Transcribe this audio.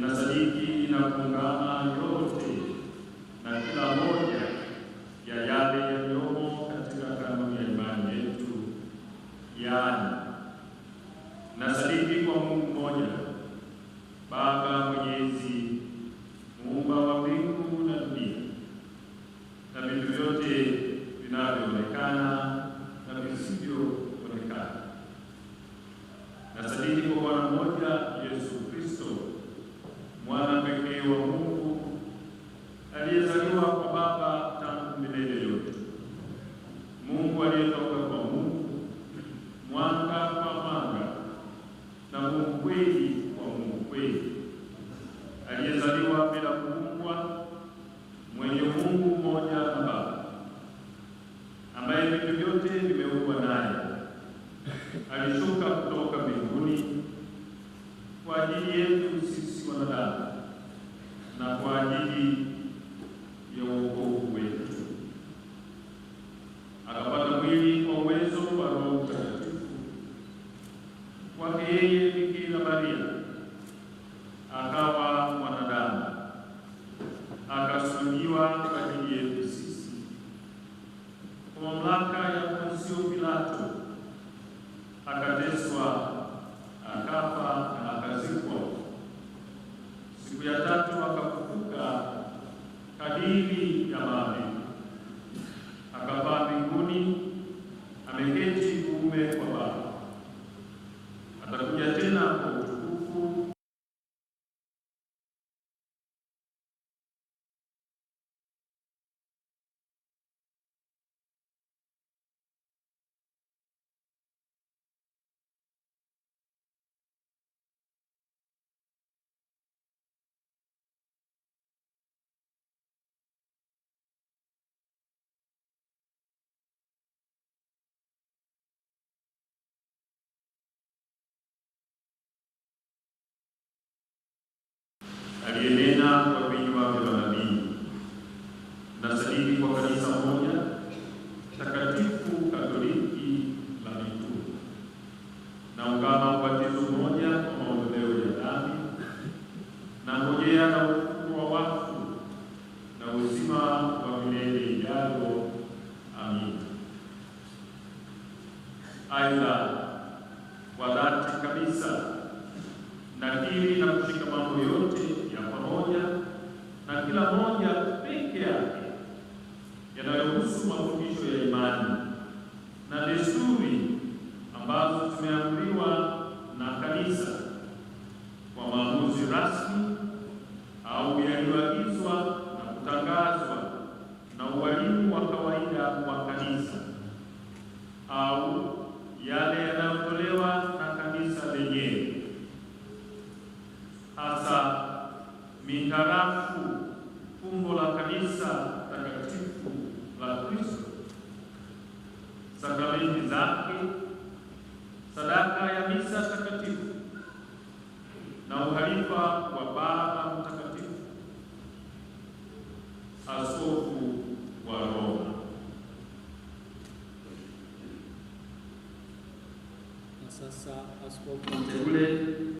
inasadiki na kuungana yote na kila moja ya yale linashuka kutoka mbinguni kwa ajili yetu sisi wanadamu na kwa ajili ya wokovu wetu, akapata mwili kwa uwezo wa Roho Mtakatifu kwake yeye Bikira Maria, akawa mwanadamu akasulubiwa siku ya tatu akafufuka kadiri aliyenena kwa vinywa vya manabii na sadiki kwa kanisa moja takatifu Katoliki la mitume na ungano wa ubatizo mmoja kwa maondoleo ya dhambi na na ufufuo wa wafu na uzima wa milele ijao. Amina. Aidha, kwa dhati kabisa nakiri na kushika mambo yote moja na kila moja peke yake yanayohusu mafundisho ya imani na desturi ambazo tumeamriwa na kanisa kwa maamuzi rasmi au yaliyoagizwa na kutangazwa na uwalimu wa kawaida wa kanisa au yale yana mitarafu fumbo la kanisa takatifu la Kristo, sakramenti zake, sadaka ya misa takatifu na uhalifa wa Baba Mtakatifu, askofu wa Roma. Na sasa askofu mteule